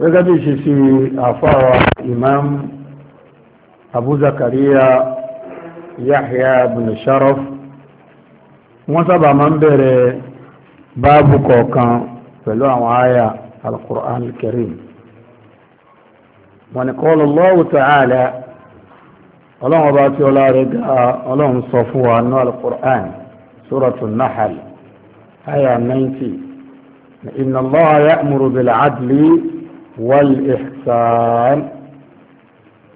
gẹ́gẹ́ bí ṣe ṣe àfáwà imam abu zakariya yahya bin sharaf wọ́n sábà máa ń bẹ̀rẹ̀ báàbù kọ̀ọ̀kan pẹ̀lú àwọn àyà al-Qur'an al-Karim wọ́n ní qala Allahu ta'ala ọlọ́run ọba tí ọlá rẹ̀ dá ọlọ́run sọ fún wa ní al-Qur'an suratul àyà 90 inna Allaha ya'muru bil-'adli wal-ihsan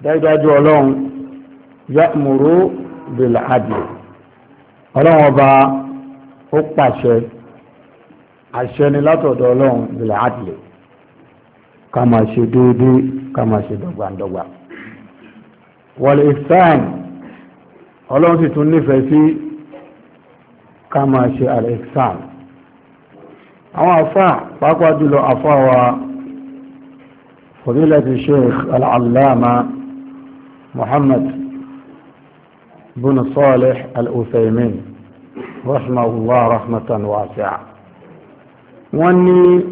dájúdájú ọlọ́run ya'muru bil-'adl ọlọ́run ọba ó pàṣẹ àṣẹ ni látọ̀dọ̀ ọlọ́run bil-'adl ká máa ṣe déédéé ká máa ṣe dọ́gbandọ́gba wal-ihsan ọlọ́run sì tún nífẹ̀ẹ́ sí ká máa ṣe al-ihsan àwọn àfáà pàápàá jùlọ àfáà wa. فضيلة الشيخ العلامة محمد بن صالح الأثيمين رحمه الله رحمة واسعة واني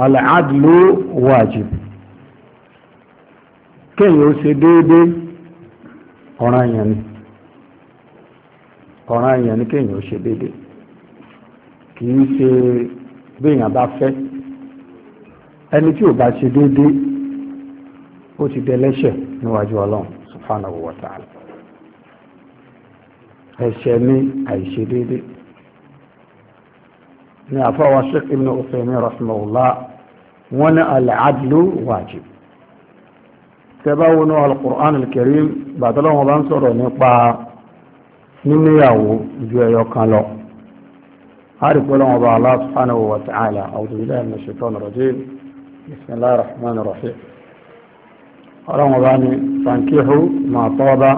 العدل واجب كي يسديدي قرآن يعني كي èèyàn كي kéèyàn ó ṣe déédé kì í ṣe ẹni tí ò bá ṣe déédé ó ti dẹlẹ́ṣẹ̀ níwájú ọlọ́run subhanahu wa ta'ala ẹ̀ṣẹ̀ ní àìṣe déédé ní àfọwọ́ sheikh ibn Uthaymin rahimahullah wọn ní al-adlu wajib tẹ́bá wọnú al-Qur'an al-Karim bàtọ́lọ́wọ́n bá ń sọ̀rọ̀ nípa níníyàwó ju ẹyọ kan lọ عارف ولا الله سبحانه وتعالى أعوذ بالله من الشيطان الرجيم بسم الله الرحمن الرحيم ọlọ́run bá ní fankihu ma taba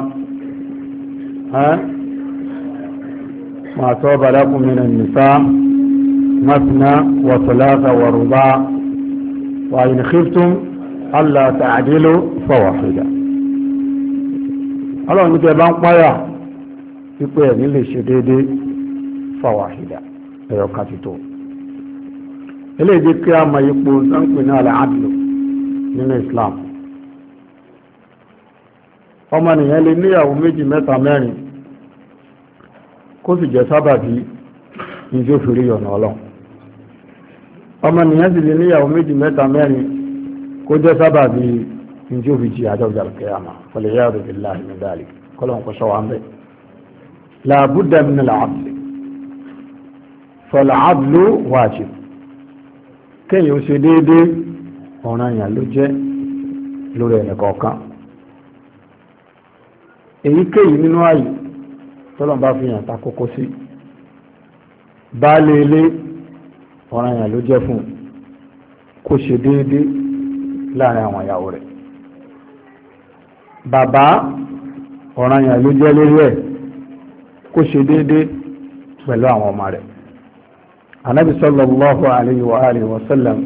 ma taba lakum minan nisa masna wa thalatha wa ruba wa in khiftum alla ta'dilu fawahida ọlọ́run ní tẹ́ bá ń páyà wípé ẹ̀mí lè ṣe déédéé fawahida ẹ̀yọ̀ kan tó eléyìí kí a mọ ipò sáńpẹ̀ náà lẹ́ nínú Islam ọmọnìyàn lè níyàwó méjì mẹ́ta mẹ́rin kó sì jẹ́ sábàbí ìjó fìrí ọ̀nà ọlọ́run ọmọnìyàn sì lè níyàwó méjì mẹ́ta mẹ́rin kó jẹ́ sábàbí ìjó fi jì àjọjà kẹyàmà wọlé yá rẹ̀ bí láàrin ní dáàlì kọ́lọ́n kò sọ wà ń làbúdà mi ni làbùdè fọlá àbúlò wájib kéèyàn ó ṣe déédéé ọ̀ràn yàn ló jẹ́ lórí ẹnì èyíkéyìí nínú ààyè tọ́lọ̀ bá fi hàn ta kókó sí baálé ilé ọ̀ràn yàn ló jẹ́ fún un kó ṣe déédéé láàrin àwọn ìyàwó rẹ̀ bàbá ọ̀ràn yàn ló jẹ́ lórí ẹ̀ kó ṣe déédéé pẹ̀lú àwọn ọmọ rẹ̀ anabi sallallahu alayhi wa alihi wa sallam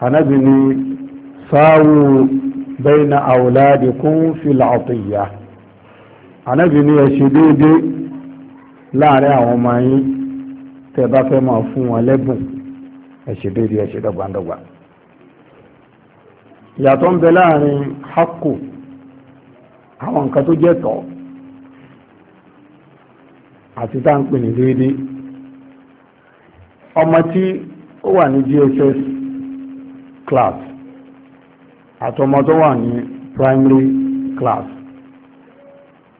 anabi ni sáwù bayna awladikum fil atiyah ànábì ní ẹ ṣe déédéé láàrin àwọn ọmọ yín tẹ́ bá fẹ́ máa fún wọn lẹ́bùn ẹ ṣe déédéé ẹ ṣe dọ́gbandọ́gba ìyàtọ̀ ń bẹ láàrin hakku àwọn nǹkan tó jẹ́ tọ́ àti tá ń pè ní déédéé ọmọ tí ó wà ní GSS class àtọmọ tó wà ní primary class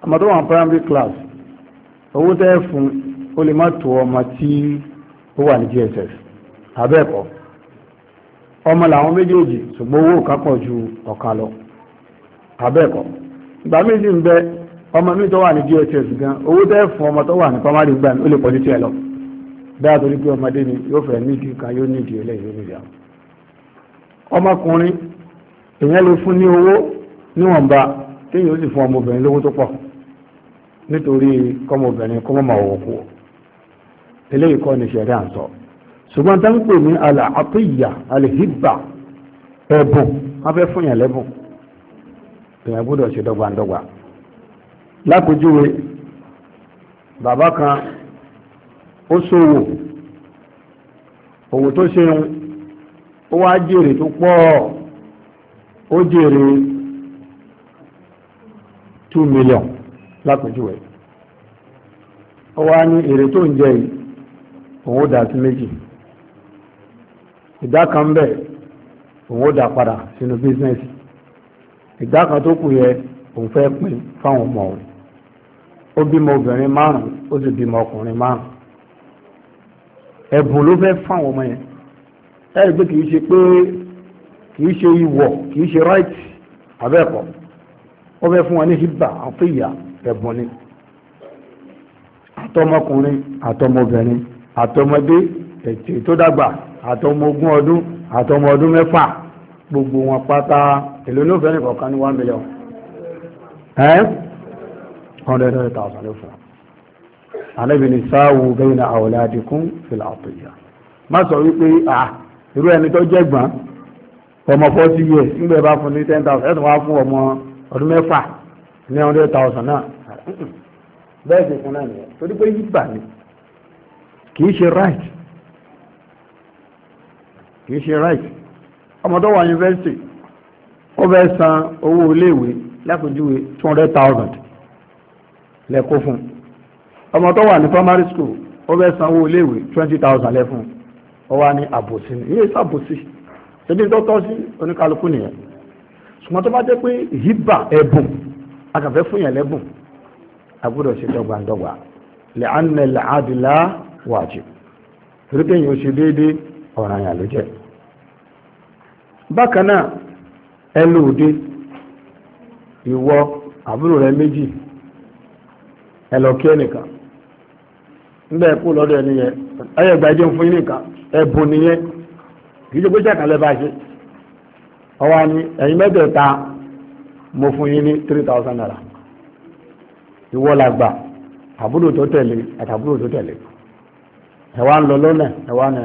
àmọ́ tó wà primary class owó tẹ́ fún ó lè má tó ọmọ tí ó wà ní JSS abẹ́ẹ̀kọ́ ọmọ làwọn méjèèjì ṣùgbọ́n owó kan pọ̀ ju ọ̀kan lọ abẹ́ẹ̀kọ́ ìgbà méjì ń bẹ ọmọ mi tó wà ní JSS gan owó tẹ́ fún ọmọ tó wà ní primary gbà ó lè pọ̀ ju tiẹ̀ lọ bẹ́ẹ̀ torí pé ọmọdé ni yóò fẹ́ nídìí kan yóò nídìí eléyìí yóò nídìí àwọn ọmọkùnrin èèyàn lè fún ní owó níwọ̀nba téèyàn ó sì fún ọmọbìnrin lówó tó pọ̀ nítorí kọ́mọbìnrin kọ́mọmọ òkú eléyìí kọ́ ni ṣẹ̀rí à ń sọ ṣùgbọ́n tá ń pè ní àlà àtúnyà àlèhìbà ẹ̀bùn wọ́n fẹ́ fún yàn lẹ́bùn èèyàn gbọ́dọ̀ ṣe dọ́gbandọ́gba lápèjúwe bàbá kan ó ṣòwò òwò tó ṣe ń ó wá jèrè tó pọ̀ ó jèrè two million lápèjúwe ọ wá ní èrè tó ń jẹ yìí òun ó dà sí méjì ìdá kan bẹ̀ òun ó dà padà sínú bísínẹ́sì ìdá kan tó kù yẹ òun fẹ́ pin fáwọn ọmọ òun ó bímọ obìnrin márùn ó sì bímọ ọkùnrin márùn ẹ̀bùn ló fẹ́ fáwọn ọmọ yẹn ẹ̀rí pé kì í ṣe pé kì í ṣe ìwọ̀ kì í ṣe abẹ́ẹ̀kọ́ wọ́n fẹ́ fún wọn ní hibba àfíyà ẹ̀bùn ni àtọmọkùnrin àtọmọbìnrin àtọmọdé ètè tó dàgbà àtọmọ ogún ọdún àtọmọ ọdún mẹ́fà gbogbo wọn pátá èlò ní òfin nìkan kan ní one million ẹ́ hundred hundred thousand ló fún alábìnrin sáwù bẹ́yìn àwòládìkún fìlà àtọ̀yà má sọ wípé à irú ẹni tó jẹ́gbọ́n ọmọ forty years nígbà bá fún ní ten thousand ẹ̀sùn wá fún ọmọ ọdún mẹ́fà ní hundred thousand náà bẹ́ẹ̀ sì fún náà nìyẹn torí pé yígbà ni kì í ṣe right kì í ṣe right ọmọ tó wà yunifásitì ó fẹ́ san owó iléèwé two hundred thousand fún ọmọ tó wà ní san owó iléèwé twenty thousand lẹ́fún ọ wá ní àbòsí ṣe ṣùgbọ́n tó bá jẹ́ pé hibà ẹ̀bùn akàfẹ́ fún yẹn lẹ́bùn agbọ́dọ̀ ṣe dọ́gbandọ́gba lẹ́ánà làádìlá wajib torí pé ṣe ọ̀ràn ló jẹ́ bákan náà ẹlò òde ìwọ àbúrò rẹ méjì ẹ lọ kí ẹnìkan nígbà ẹ kú lọ́dọ̀ ẹni yẹn ẹyẹ fún ọwọ́ ni ẹ̀yin mẹ́tẹ̀ẹ̀ta mo fún yín ní three thousand naira ìwọ la gbà àbúrò tó tẹ̀lé àtàbúrò tó tẹ̀lé ẹ wá ń lọ lọ́nà ẹ wá ní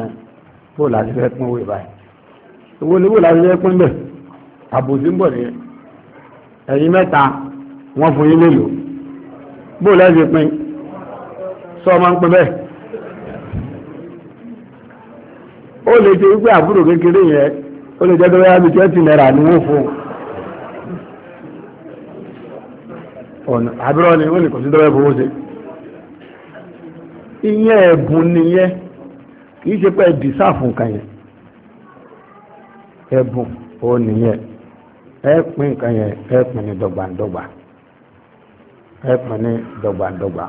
bó láti fẹ́ pín owó ìbáyìí owó ni bó láti fẹ́ pín bẹ̀ àbòsí ń bọ̀ nìyẹn ẹ̀yin mẹ́ta wọ́n fún yín lélo bó láti pín sọ ma ń pín bẹ́ẹ̀ ó lè ṣe wípé àbúrò kékeré yẹn ó lè jẹ́ tó bá bí twenty naira ni wọ́n fún ọ̀nà àbúrò ni ó lè kọ̀ sí tọ́wẹ́ fowó ṣe ìyẹn ẹ̀bùn nìyẹn kì í ṣe pé dìsáàfù nǹkan yẹn ẹ̀bùn ó nìyẹn ẹ pín nǹkan yẹn ní dọ́gbandọ́gba ẹ ní dọ́gbandọ́gba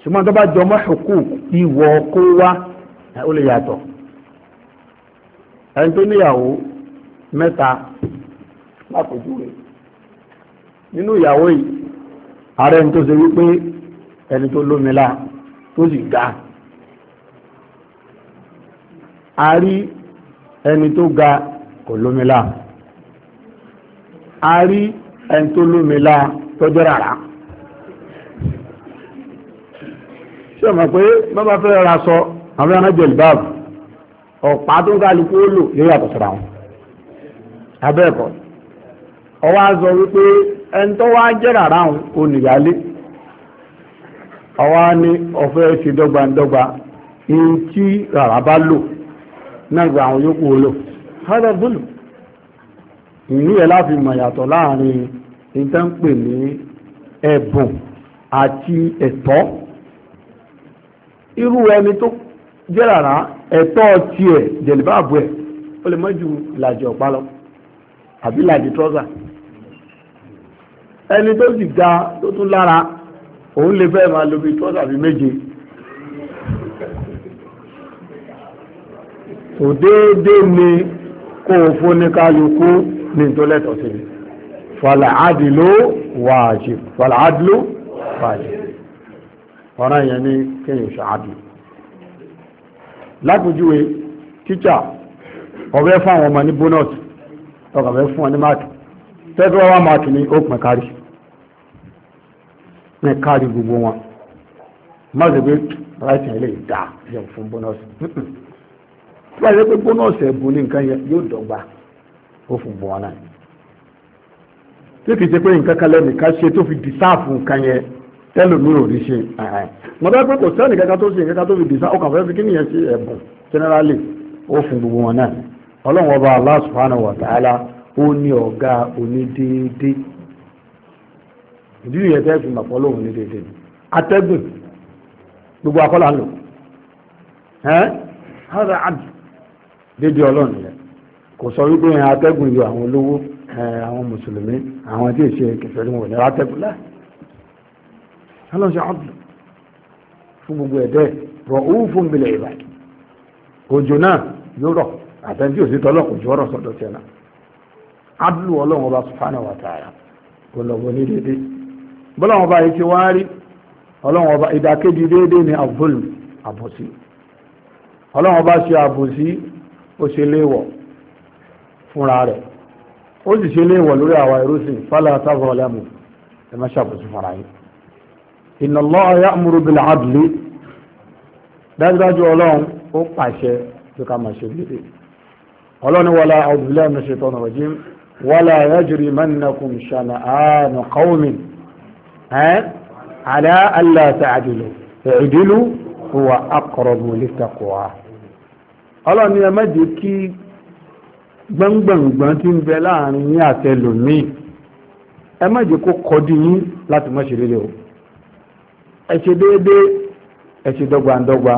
ṣùgbọ́n tó bá jọmọ́ ṣùkú ìwọ kó wá ó lè yàtọ̀ ẹni tó níyàwó mẹ́ta lápòjúwe nínú ìyàwó yìí ààrẹ ẹni tó ṣe wípé ẹni tó lómìnira tó sì ga a rí ẹni tó ga kò lómìnira a rí ẹni tó lómìnira tọ́jọ́ rárá. ṣé o mọ̀ pé bàbá fẹ́ ra sọ àwọn anájẹ̀lì báàbù ọ̀pá tó kálukú ó lò yóò yàtọ̀ síra wọn abẹ́ẹ̀kọ́ ọwọ́ á sọ wípé ẹni tó wá jẹ́ rárá òun oníyálé ọwọ́ á ní ọ̀fẹ́ ṣe dọ́gbandọ́gba ní tí rárá bá lò náà gba àwọn yòókù ó lò hádà bùlù ìní ẹ̀ láfi mọ̀ yàtọ̀ láàrin nǹkan ní ẹ̀bùn àti ẹ̀tọ́ irú ẹni tó jẹ́rara ẹ̀tọ́ tiẹ̀ jẹ̀lìbáàbù ẹ̀ ó lè mọ́jú ìlàjì ọ̀pá lọ àbí ìlàjì trọ́sà ẹni tó sì ga tó tún lára òun lè fẹ́ máa lo bí trọ́sà bí méje òdéédé ni kó o fóní kálukú ní ìtọ́lẹ̀tọ̀ sí i fàlàádìló wàjì fàlàádìló wàjì ọ̀ràn yẹn ní kéèyàn ṣáàdùn lápòjúwe tíṣà ọ̀fẹ́ fún àwọn ọmọ ní bónọ́ọ̀tì ọ̀fẹ́ fún wọn ní máàkì tẹ́tọ́ wá máàkì ní ó pín kárí pín kárí gbogbo wọn má ṣe pé ráìtì ilé ìdá yẹn fún bónọ́ọ̀sì tí wàá ṣe pé bónọ́ọ̀sì ẹ̀bùn ní nǹkan yẹn yóò dọ́gba ó fún bọ́ wọn náà tí kì í ṣe pé nǹkan kan lẹ́nu ká ṣe tó fi dìsáàfù nǹkan yẹn tẹ́lòmí ò rí ṣe mo bá pé kò sẹ́ni kankan tó ṣe kankan tó fi dìsa ọkàn fẹ́ fi kí nìyẹn sí ẹ̀bùn generally ó fún gbogbo wọn náà ọlọ́run ọba Allah subhanahu wa ta'ala ó ní ọ̀gá onídéédé ìdí nìyẹn tẹ́ fi màpọ̀ lóhùn onídéédé atẹ́gùn gbogbo akọ́là ń lò ẹ́n hàrà àdù dédé ọlọ́run yẹn kò sọ wípé atẹ́gùn yọ àwọn olówó àwọn mùsùlùmí àwọn tí ì ṣe kẹfẹ́ ní wọn ò ní atẹ́gùn láì ọlọ́run ṣe àdùn fún gbogbo ẹ̀dẹ́ rọ̀ òun fún bilẹ̀ ìbà òjò náà yóò rọ̀ àtẹ̀ntì òsì tọ́lọ̀ kò jọ́rọ̀ sọ̀dọ̀ tiẹ̀ náà àdùn ọlọ́run ọba subhanahu wa ta'ala kò lọ́wọ́ ní déédéé bọ́lọ́run ọba yìí ti wá rí ọlọ́run ọba ìdàkejì déédéé ni àbúlù àbòsí ọlọ́run ọba ṣe àbòsí ó ṣe léèwọ̀ fúnra rẹ̀ ó sì ṣe léèwọ̀ lórí àwa ìrúsìn fálà táwọn ọlẹ́mù ẹ má ṣàbòsí fara yìí inna Allaha ya'muru bil adli dájúdájú ọlọ́run ó pàṣẹ tó ká máa ṣe dédé ọlọ́run wala a'udhu billahi minash shaitani rajim wala yajrimannakum shana'anu qawmin ala alla ta'dilu i'dilu huwa aqrabu littaqwa ọlọ́run ni ẹ má jẹ́ kí gbọ́ngbọ̀ngbọ̀n tí ń bẹ láàrin yín àtẹlòmíì ẹ má kó kọ́ di yín láti má ṣe dédé o ẹ ṣe déédéé dọ́gbandọ́gba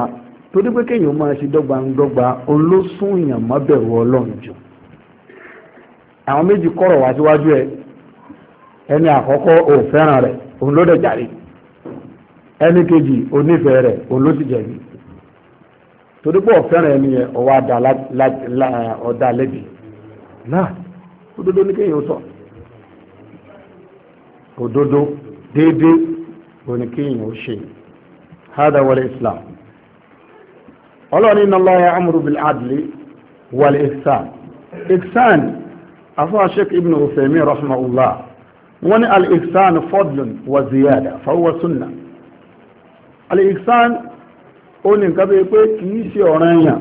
torí pé kéèyàn máa ṣe dọ́gbandọ́gba olóṣùn èèyàn má bẹ̀rù ọlọ́run jù àwọn méjì kọ̀rọ̀ wá síwájú ẹ ẹni àkọ́kọ́ ò fẹ́ràn òun ló ẹni kejì onífẹ̀ẹ́ oníkéyìn ó ṣe hada wal islam ọlọ́ọ̀ni nàlọ́ ya amúrú bil adli wal ihsan ihsan afọ́ sheikh ibn ufemi rahmaullah wọ́n ní al ihsan fadlun wa ziyada fahuwa sunna al ihsan ó ní nǹkan bíi pé kì í ṣe ọ̀ràn èèyàn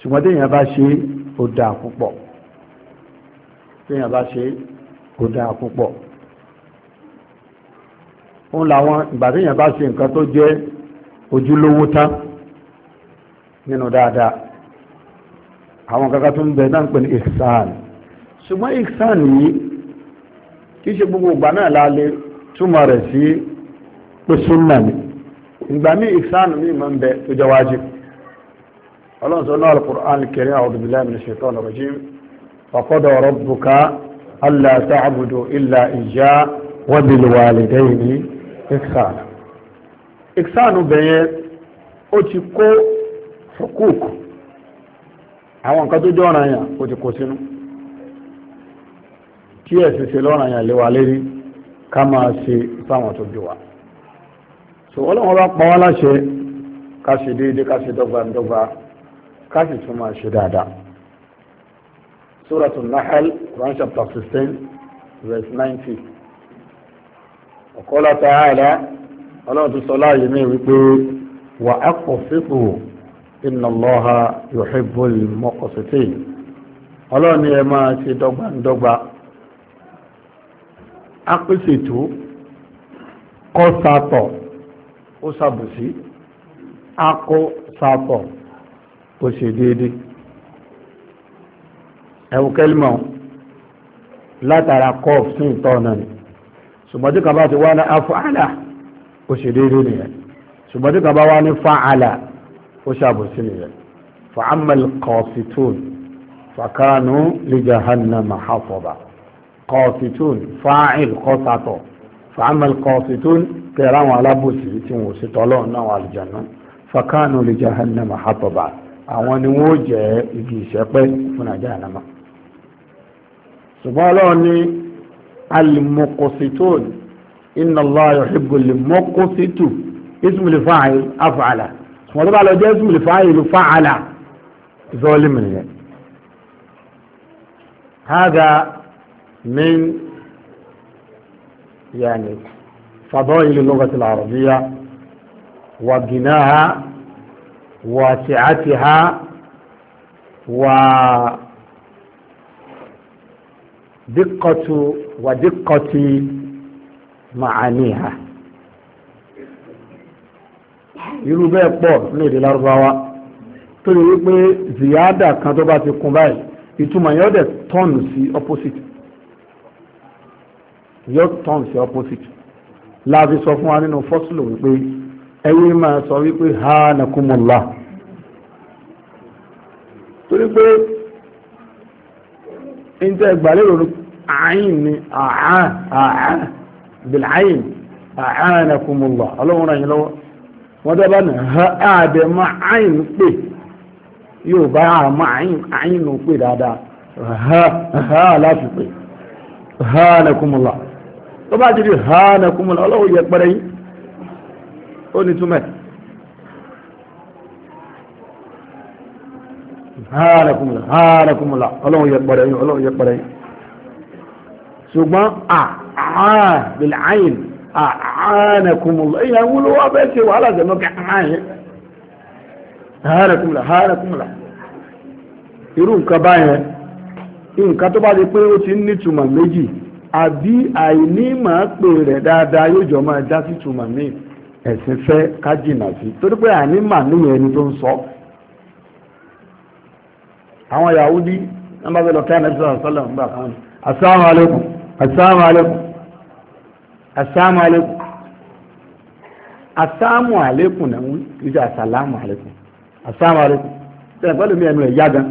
ṣùgbọ́n téèyàn bá ṣe ó dáa púpọ̀ téèyàn bá ṣe ó dáa púpọ̀ òun làwọn ìgbà téèyàn bá ṣe nǹkan tó jẹ́ ojúlówó tán nínú dáadáa àwọn kankan tó ń bẹ náà ń pè ní ihsan ṣùgbọ́n ihsan yìí kì í ṣe gbogbo ìgbà náà la lè túmọ̀ rẹ̀ sí pé súnà ni ìgbà míì ihsan míì máa ń bẹ tó jẹ́ wájib ọlọ́run sọ náà al-Qur'an al-Karim a'udhu billahi minash shaitanir rajim wa qada rabbuka alla ta'budu illa iyyah wa bil walidayni iksan iksanu bẹ̀yẹn ó ti kó hukuk àwọn nǹkan tó jẹ́ ọ̀ranyàn ó ti kó sínú tí ẹ̀sìn ṣe lọ́ranyàn lé wa lérí ká máa ṣe fáwọn tó bí wa so ọlọ́run bá pa wá láṣẹ ká ṣe déédéé ká ṣe dọ́gbandọ́gba ká sì tún máa ṣe dáadáa suratul nahl quran chapter sixteen verse ninety. ọ̀kọ́lá ta'ala ọlọ́run ti sọ láàyè ní wípé wà á kọ̀ sípò inna Allaha yuhibbul muqsitin ni ẹ máa ṣe dọ́gbandọ́gba á pèsè tó kọ́ sàtọ̀ ó sàbòsí á kó sàtọ̀ ó ṣe déédéé ẹ̀wù latara látara kọ́ọ̀fù sí ìtọ́ ṣùgbọ́n tí kaba ti wá ní afọ́àlà ó ṣe déédéé nìyẹn ṣùgbọ́n tí kaba wá ní fa'ala ó ṣàbòsí nìyẹn fa'amal qasitun fakanu li jahannama hafaba qasitun fa'il kọ́sàtọ̀ fa'amal qasitun kẹrẹ àwọn alábòsí tí wọn ò tọ́lọ́ náà àlùjáná fakanu li jahannama àwọn ni wọn ó jẹ́ igi ìṣẹ́pẹ́ fún àjànàmà ṣùgbọ́n ọlọ́run ní المقسطون إن الله يحب المقسط اسم الفاعل أفعل ثم طبعا لو جاء اسم الفاعل فعل ظالم يعني. هذا من يعني فضائل اللغة العربية وغناها وسعتها ودقة wàdíkọtì màáníhà irú bẹ́ẹ̀ pọ̀ ní èdè lárúbáwá tó lè wípé ziyada kan tó bá ti kún báyìí ìtumọ̀ yóò dẹ̀ tọ́ọ̀nù sí opposite yóò tọ́ọ̀nù sí opposite láàfi sọ fún wa nínú fọ́sùlù wípé ẹ̀yin máa sọ wípé ha nàkúmọ̀lá torí pé ń tẹ́ gbàlérò àáyìn ni àá àá bìláyìn àánàkùnmùlọ̀ ọlọ́run ràn yín lọ́wọ́ wọ́n dábàá nà ha àdè má àyìn pè yóò bá àmọ́ àyìn àyìn nù pè dáadáa ha ha láti pè ha nàkùnmùlọ̀ tó bá ti di ha nàkùnmùlọ̀ ọlọ́run yẹ pẹ́rẹ́ yín ó ní túmẹ̀ ha nàkùnmùlọ̀ ha nàkùnmùlọ̀ ọlọ́run yẹ pẹ́rẹ́ yín ọlọ́run yẹ pẹ́rẹ́ yín. ṣùgbọ́n àhán bil'ain àhánakùnmùlọ ìyá wúlò wà bẹ́ẹ̀ ṣe wàhálà jẹ́ lọ́kẹ́ àhán àhánakùnmùlọ àbí àìní màá pè rẹ̀ dáadáa yóò jọ máa já sí túmọ̀ míì ẹ̀sìn fẹ́ ká sí torí pé àìní ẹni tó ń Yahudi kí sọ́lọ̀ kan assalamu alaikum assalamu alaikum assalamu alaikum náà wí kì í ṣe assalamu alaikum assalamu alaikum tẹ̀lé pẹ̀lú mi ẹnu ẹ̀ yá gan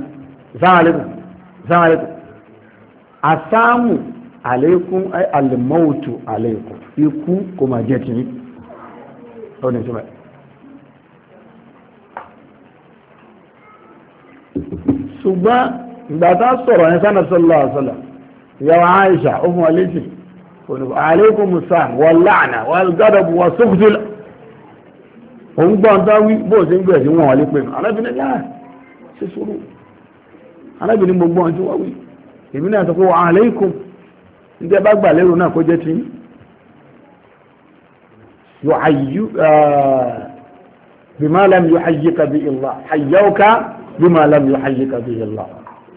assalamu alaikum assalamu alaikum assalamu alaikum alimọ́wòtò alaikum ikú kò máa jẹ́ tìyín ó ní ìtumọ̀ ṣùgbọ́n ìgbà tá a sọ̀rọ̀ ẹ̀ sánà sallallahu alaihi ìyàwó Aisha ó fún wa létí musa wàlànà wàlgádàbù wà sókùtù lọ òun gbọ́n tó wí bó ṣe ń gbẹ̀ sí wọn wà lé pé alábìnrin náà ṣe sùúrù alábìnrin gbogbo ọ̀n tí wọ́n wí èmi na sọ pé bá gbà lérò náà kó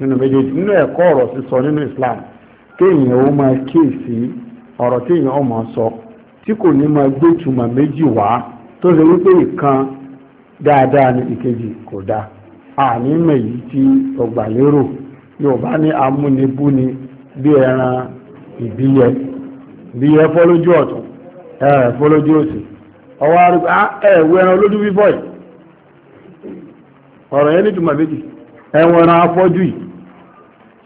nínú méjèèjì nínú ẹ̀kọ́ ọ̀rọ̀ sísọ nínú Islam kéèyàn ó máa kíyèsí ọ̀rọ̀ téèyàn ó máa sọ tí kò ní máa gbé ìtumọ̀ méjì wá tó ṣe wípé ìkan dáadáa ni ìkejì kò dáa àní tí ọgbà lérò Yorùbá ní amúnibúni bí ẹran ìbíyẹ ìbíyẹ ọ̀tún òsì ọwọ́ arúgbó ah, ẹ̀wọ̀ ẹran olójú bíbọ̀ yìí ọ̀rọ̀ yẹn méjì ẹran afọ́jú yìí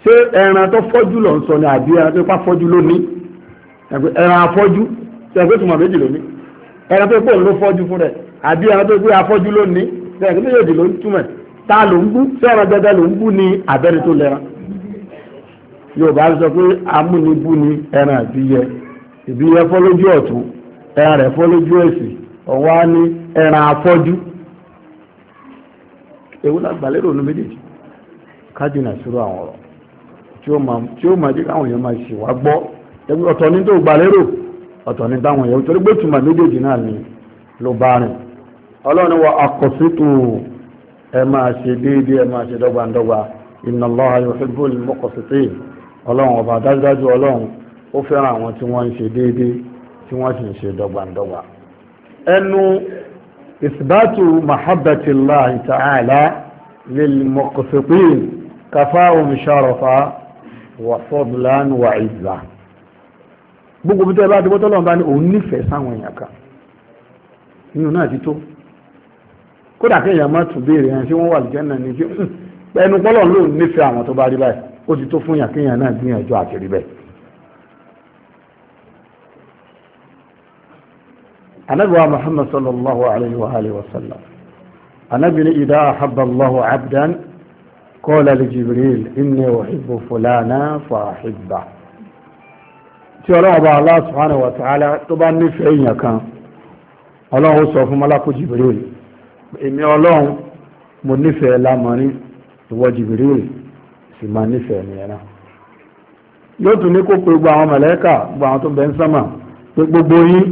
ṣé ẹran tó fọ́jú lọ sọ ni àbí ẹran tó pa fọ́jú lónìí ẹran afọ́jú ṣẹ̀gbẹ́ tó mọ̀ méjì lónìí ẹran tó pọ̀ ló fọ́jú fún rẹ̀ àbí ẹran tó gbé afọ́jú lónìí ṣẹ̀gbẹ́ méjèèjì ló ń túmọ̀ ta ló ń bú ṣé ẹran dandan ló ń bú ni abẹ́ni tó lẹ́ran Yorùbá sọ pé amúnibú ni ẹran àbíyẹ ìbíyẹ fọ́ lójú ọ̀tún ẹran rẹ̀ fọ́ lójú òsì ọ̀wá ní ẹran afọ́jú ewu lágbàlérò ní méjèèjì kájínà sírò àwọn ọ̀rọ̀ tí ó máa jẹ́ káwọn èèyàn máa ṣe wá gbọ́ ọ̀tọ̀ ní tó gbà lérò ọ̀tọ̀ ní táwọn èèyàn torí pé tùmọ̀ méjèèjì náà ni ló bá rìn ọlọ́run wa àkọsítù ẹ máa ṣe déédéé ẹ máa ṣe dọ́gbandọ́gba inna Allaha yuhibbul muqsitin ọlọ́run ọba dájúdájú ọlọ́run ó fẹ́ràn àwọn tí wọ́n ń ṣe déédéé tí wọ́n sì ń ṣe dọ́gbandọ́gba ẹnu isbatu mahabbatillahi ta'ala lil muqsitin kafahum sharafa wà fọ́dùlán wà ìzà gbogbo bí tẹ́ bá dúpọ́ tọ́lọ́run bá ní òun nífẹ̀ẹ́ sáwọn èèyàn kan nínú náà ti tó kódà kéèyàn má tún béèrè yẹn tí wọ́n wà lìjẹ́nà ní tí ẹnu pọ́lọ̀ ló nífẹ̀ẹ́ àwọn tó bá rí báyìí ó ti tó fún yàn kéèyàn náà gbìyànjú àti rí bẹ́ẹ̀. anabi wa muhammad sallallahu alayhi wa sallam anabi ni idaa ahabba allahu abdan kọ́ọ̀lá lè jibril inni uhibbu fulana fàáhìbà tí ọlọ́wọ́ bá Allah subhanahu wa ta'ala tó bá nífẹ̀ẹ́ èèyàn kan ọlọ́run sọ fún malako jibril èmi ọlọ́run mo yóò tún ní kó pe gbogbo àwọn mẹ̀lẹ́kà gbogbo àwọn tó bẹ ń gbogbo yín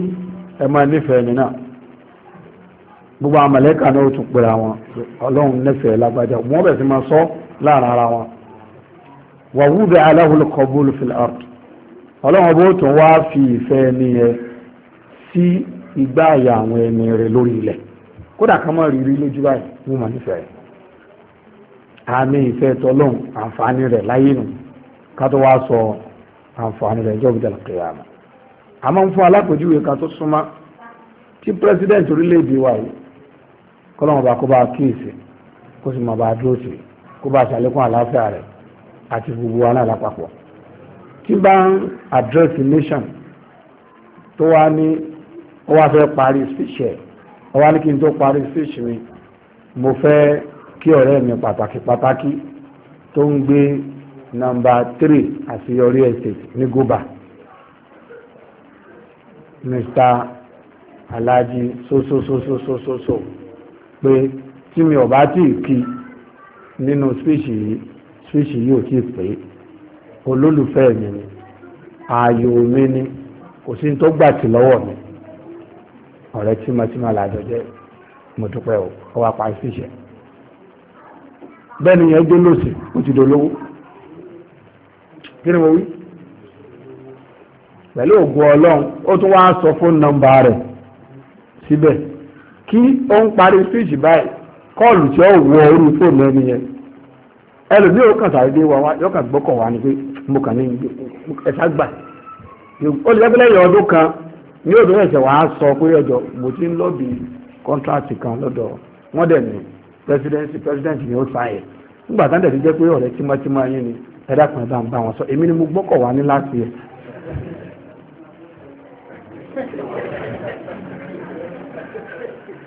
ẹ máa gbogbo àwọn mọ̀lẹ́kà náà ó tún pèrè àwọn ọlọ́run nẹ́fẹ̀ẹ́ lágbájá wọ́n bẹ̀ sí máa sọ láàrin ara wọn wàwúbẹ̀ aláhùlùkọ́bùlù fìlàrù ọlọ́run bó tún wá fi ìfẹ́ ẹni yẹn sí igbá àyà àwọn ẹni rẹ̀ lórí ilẹ̀ kódà ká mọ̀ rírí lójú báyìí wọ́n mọ̀ nífẹ̀ẹ́ àmì ìfẹ́ tọ́lọ́run àǹfààní rẹ̀ láyé nù ká tó wá sọ àǹfààní rẹ̀ jọ́ gbẹ̀dẹ̀ kìyàmù àmọ́ fún alákòjúwe ká tó súnmọ́ tí pírẹsidẹ́ǹtì orílẹ̀ wa yìí kọ́lọ́mù bá kó bá kíyèsí kó sì máa bá dúró sí kó bá ṣàlékún àlàáfíà rẹ̀ àti gbogbo wa náà lápapọ̀ tí bá ń address nation tó wá ní ó wá fẹ́ parí speech ẹ̀ ó wá ní kí n tó parí speech mi mo fẹ́ kí ọ̀rẹ́ mi pàtàkì pàtàkì tó ń gbé nọ́mbà three àṣeyọrí estate ní goba mr alhaji sososososososo. So, so, so, so, so, so pé tí mi ò bá tí ì kí nínú swíṣì yìí swíṣì yìí ò tí ì pé olólùfẹ́ mi ni ààyò mi ni kò sí tó gbà tí lọ́wọ́ mi ọ̀rẹ́ tímọ́tímọ́ làjọ jẹ́ mo dúpẹ́ o ọ wá parí swíṣì ẹ̀ bẹ́ẹ̀ ni yẹn gbé lòsì ó ti dolówó kí ni mo wí pẹ̀lú ògùn ọlọ́run ó tún wá sọ fóònù nọ́mbà rẹ̀ síbẹ̀. kí ó ń parí fíjì báyìí kọ́ọ̀lù tí ó wọ orí fóònù ẹni yẹn ẹlòmíì ó kàn sáré dé wa wá yóò kàn gbọ́kàn wá ni pé mo kàn ní ẹ̀sà gbà ó lè lẹ́gbẹ̀lẹ́ ọdún kan ní ọdún ẹ̀sẹ̀ wàá sọ pé ọjọ́ mo ti ń lọ́ọ̀bì kọ́ńtráàtì kan lọ́dọ̀ wọ́n dẹ̀ ní pẹ́sidẹ́ǹsì ni ó sáyẹ̀ nígbà tá dẹ̀ ti jẹ́ pé ọ̀rẹ́ tímọ́tímọ́ yín ni ẹ̀dá kan bá ń ni mo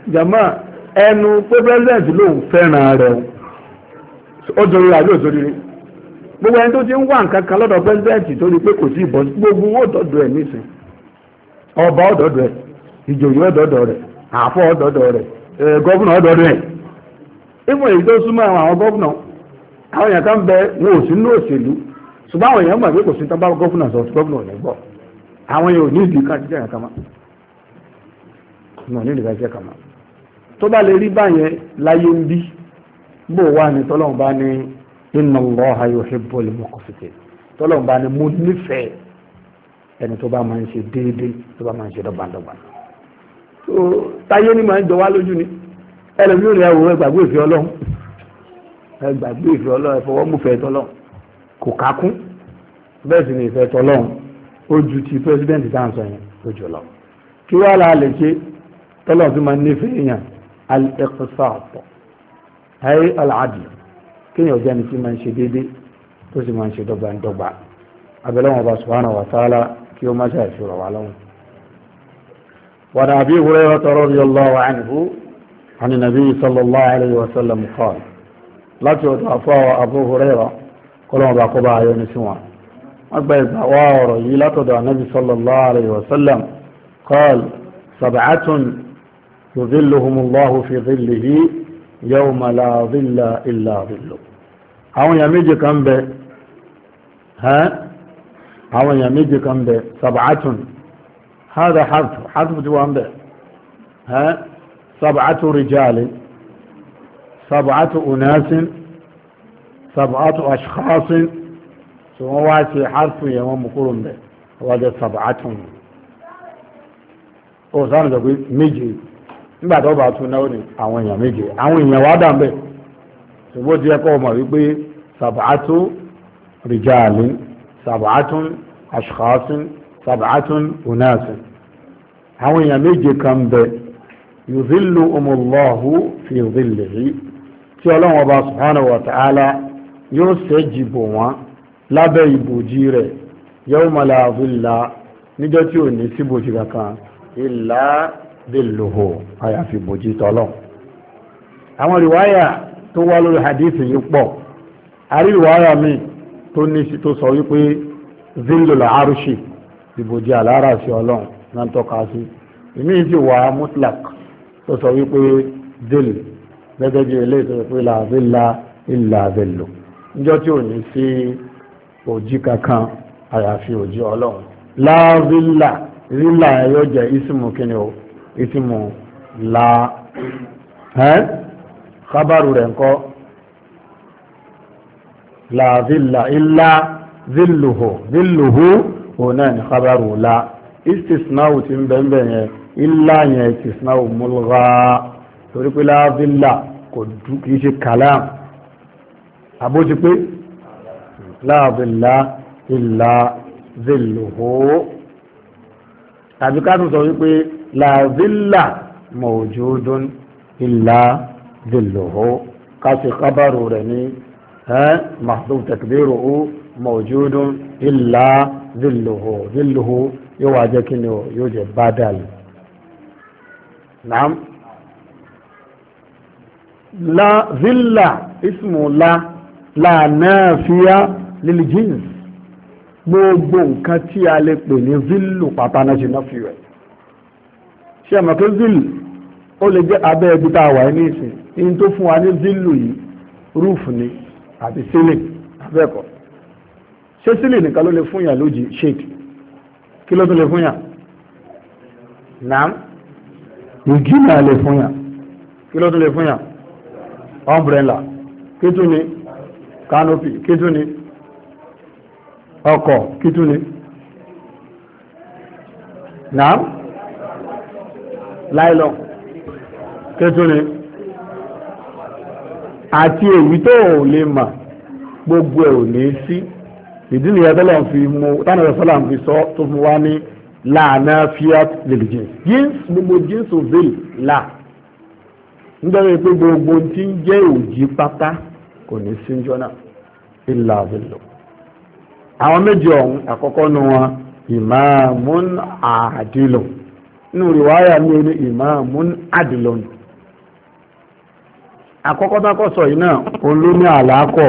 jama ẹnu pé president lòun fẹ́ràn rẹ̀ rẹ ó dorí gbogbo ẹni tó ti ń nǹkan kan lọ́dọ̀ president pé kò sí ìbọn gbogbo wọn ọ̀dọ́dọ̀ ẹ̀ ọba ọ̀dọ́dọ̀ ẹ̀ ìjòyè ọ̀dọ́dọ̀ rẹ̀ àfọ̀ ọ̀dọ́dọ̀ rẹ̀ gọ́vùnà ọ̀dọ́dọ̀ ẹ̀ ìmọ̀ èyí tó súnmọ́ àwọn gọ́vùnà àwọn èèyàn kan bẹ wọn ò sí òṣèlú ṣùgbọ́n àwọn èèyàn mọ̀ pé kò sí tán bá gọ́vùnà tó bá lè rí báyẹn láyé ń bí bó wà ní tọ́lọ́run bá ní inna Allaha yuhibbul muqsitin tọ́lọ́run bá ní mo nífẹ̀ẹ́ ẹni tó bá máa ń ṣe déédéé tó bá máa ń ṣe dọ́gbandọ́gba táyé ni máa ń jọ wá lójú ni ẹlòmíràn rẹ̀ wò ẹgbàgbé ìfẹ́ ọlọ́run ẹgbàgbé ìfẹ́ ọlọ́run ẹfọwọ́mùfẹ́ tọ́lọ́run kò kákún bẹ́ẹ̀ sì ni ìfẹ́ tọ́lọ́run ó ti pírẹsidẹ́ǹtì dáhùn sọ yẹn lójú lọ kí wàá la lè ṣe tọ́lọ́run tó máa ń nífẹ̀ẹ́ yàn الاقتصاد iqsat العدل al-adl في jẹ́ ní kí máa ń ṣe déédéé tó sì máa ń ṣe dọ́gbandọ́gba abẹ́lẹ́ wọn وعن أبي هريرة رضي الله عنه عن النبي صلى الله عليه وسلم قال لا تعطى أبو هريرة قال ما بقبع عيون سوى أكبر الدعوة ورجي لا تدع النبي صلى الله عليه وسلم قال سبعة يظلهم الله في ظله يوم لا ظل إلا ظله أون يميجي كمب ها أون يميجي كمب سبعة هذا حرف حذف جوانب ها سبعة رجال سبعة أناس سبعة أشخاص سواسي حرف يوم كلهم به وهذا سبعة أو زمان ميجي nígbà tó bá tún náà ní àwọn èèyàn méje àwọn èèyàn wá dà ń bẹ̀ ṣùgbọ́n ti ẹ̀kọ́ ọmọ wípé sàbàátú rìjáàlì sàbàátún àṣùkàásùn sàbàátún onásùn àwọn èèyàn méje kan ń bẹ yùzílù ọmọlọ́hù fi yùzílù yìí tí ọlọ́run ọba subhanahu wa ta'ala yóò ṣẹ́jì bò wọ́n lábẹ́ ìbòjì rẹ̀ yawma la zilla níjọ́ tí ò ní síbòjì kankan ìlà délòhò àyàfi bòjì tọ́lọ̀ àwọn rìwáyà tó wá lórí hadithi yìí pọ̀ àrí rìwáyà mi tó ní sí tó sọ wípé zílòlò arúṣì ìbòjì àlárà sí ọlọ́run náà tọ́ka sí èmi sì wà mutlak tó sọ wípé zil gẹ́gẹ́ bí eléyìí tó sọ pé la zilla illa zillu níjọ́ tí ò ní sí òjì kankan àyàfi òjì ọlọ́run la zilla zilla yóò jẹ́ ismu kíni o isimu la hẹn kábàrù rẹ̀ ńkọ́ la zilla illa zilluhu zilluhu òun náà ní kábàrù la istisnawu ti ń bẹ́ẹ̀ yẹn illa yẹn istisnawu mulgha torí pé la zilla kò dú kì í ṣe kalam àbójú pé la zilla illa zilluhu tàbí ká tún sọ wípé. لا ظل موجود إلا ظله قاسي خبر رني ها تكبيره موجود إلا ظله ظله يواجهك يوجد بدل نعم لا ظل اسم لا لا نافية للجنس gbogbo nǹkan tí a lè pè ní zílù náà fi ṣe mọ̀ pé zulu ó lè jẹ́ abẹ́ ibi tá a wà ní ìsìn ní tó fún wa ní zulu yìí rúùfù ni àti sílẹ̀ abẹ́ẹ̀kọ́ ṣé sílẹ̀ nìkan ló lè fún yàn lójì ṣéèkì kí ló tún lè fún yàn nàám ìgí náà lè fún yàn kí ló tún lè fún yàn umbrella kí tún ni ọkọ̀ kí tún láìlọ kétúni àti èyí tó ò lè mà gbogbo ẹ̀ ò ní sí ìdí nìyẹn tó lọ́n fi mú tánà rẹ̀ sọ́là fi sọ tó fún wa ní láàánà fiat lèlè jeans gbogbo jeans ò bèèrè là nítorí pé gbogbo tí ń jẹ́ òjì pátá kò ní sí jọ́nà ìlà àbẹ̀lọ. àwọn méjì ọ̀hún àkọ́kọ́ nu wọn ìmáàmún àdìlọ̀ nínú rìwáyà ní orí ìmáàmún adìlọ́nù àkọ́kọ́ tákọ́ sọ yìí náà òun ló ní àlàákọ̀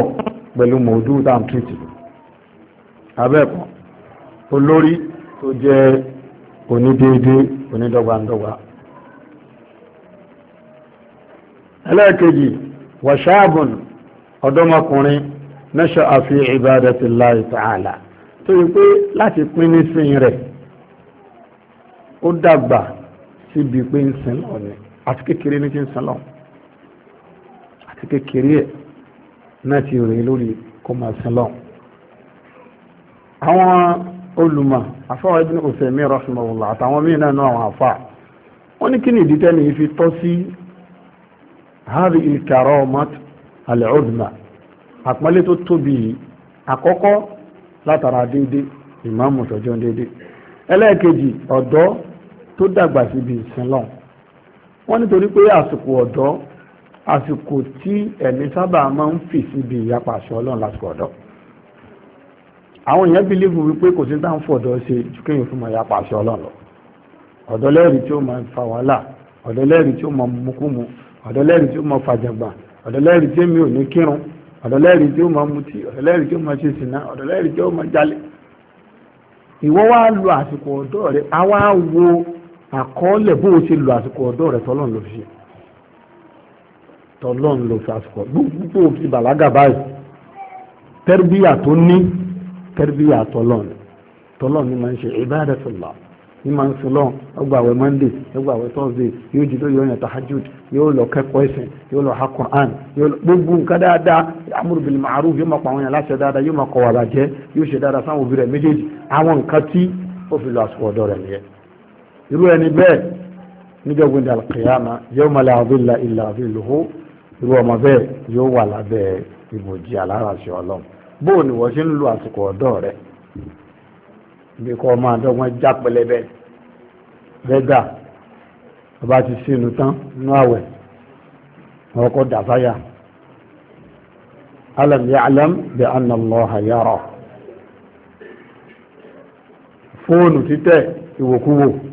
pẹ̀lú mọ̀ọ́dú tàm tìtì abẹ́ẹ̀kọ́ olórí tó jẹ́ onídéédé onídọ́gbandọ́gba ẹlẹ́ẹ̀kejì wàṣáàbùn ọ̀dọ́mọkùnrin náṣọ àfi ibadatillahi ta'ala tó yí pé láti pín nísìn rẹ̀ ó dàgbà síbi pé ń sin lọ ni àti kékeré ní ti ń sin lọ àti kékeré ẹ̀ náà ti rè lórí kó máa sin lọ. àwọn olùmọ̀ afáwọn Ibn Uthaymeen rahimahullah àtàwọn míì náà a àwọn afá wọn ní kí ni ìdí tẹ́ni yìí fi tọ́ sí hàbí al-karamat al-uzma àpọ́nlé tó tóbi yìí àkọ́kọ́ látara déédéé déédéé ẹlẹ́ẹ̀kejì tó dàgbà síbi ìsìn wọ́n nítorí pé àsìkò ọ̀dọ́ àsìkò tí ẹ̀mí sábà máa ń fì síbi ìyapa àṣọ Ọlọ́run lásìkò ọ̀dọ́ àwọn èèyàn wípé kò sí táwọn fọ̀dọ́ ṣe ju kéèyàn fún ìyapa àṣọ Ọlọ́run lọ ọ̀dọ́ lẹ́rìí tí ó máa fa wàhálà ọ̀dọ́ lẹ́rìí tí ó máa mukúmu ọ̀dọ́ lẹ́rìí tí ó máa fàjàgbà àkọọ́lẹ̀ bó o ṣe lo àsìkò ọ̀dọ́ rẹ tọ́lọ́n ló fi tọ́lọ́n ló fi àsìkò gbogbo òfin bàlágà báyìí tẹ́rbíyà tó ní tẹ́rbíyà tọ́lọ́n tọ́lọ́n ni máa ń ṣe ibadatullah ní máa ń sin lọ́n ọgbà àwẹ̀ monday ọgbà àwẹ̀ thursday yóò jí lóyún ọ̀yàn tahajud yóò lọ kẹ́kọ̀ọ́ ẹ̀sìn yóò lọ ha quran yóò lọ gbogbo nǹkan dáadáa amúrú yóò máa pa àwọn yàn láṣẹ dáadáa yóò máa kọ̀ yóò ṣe dáadáa sáwọn òbí rẹ̀ méjèèjì àwọn nǹkan tí ó fi lọ irú ẹni bẹ́ẹ̀ níjọ́ gbẹ̀ndẹ̀ alkiyama yawma la dhilla illa dhilluhu irú ọmọ bẹ́ẹ̀ yóò wà lábẹ́ ìbòjì aláràṣẹ ọlọ́run bó ni wọ́n ṣe ń lo àsìkò ọ̀dọ́ rẹ̀ bí kò máa dọ́gbọ́n já pẹlẹbẹ bẹ́gà ọba ti sínú tán nú àwẹ̀ ọkọ̀ dàfáyà alam ya'lam bi anna Allaha yara fóònù títẹ̀ ìwòkúwò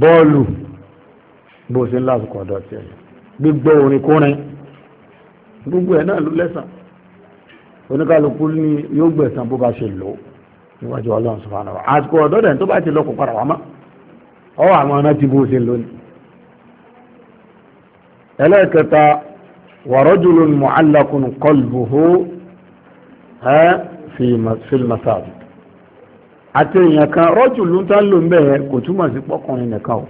bọ́ọ̀lù bó ṣe ń lásìkò ọ̀dọ̀ tiẹ̀ gbígbọ́ orin kúrin gbogbo ẹ̀ náà ló lẹ́sàn oníkálukú ní yóò gbẹ̀sán bó bá ṣe lò ó níwájú ọlọ́run sọ̀rọ̀ àwọn àsìkò ọ̀dọ́ dẹ̀ tó bá ti lọ́kọ̀ padà wá ọwọ́ àwọn ọ̀nà ti bó ṣe lónìí. ẹlẹ́ẹ̀kẹta wàrọ́jùlùmọ̀ alákùn kọlùbùhó ẹ́ fìlmàsáàdì àti èèyàn kan rọ́jù ló ń tá lò ń bẹ̀ẹ́ kò túmọ̀ sí pọ́kùnrin nìkan o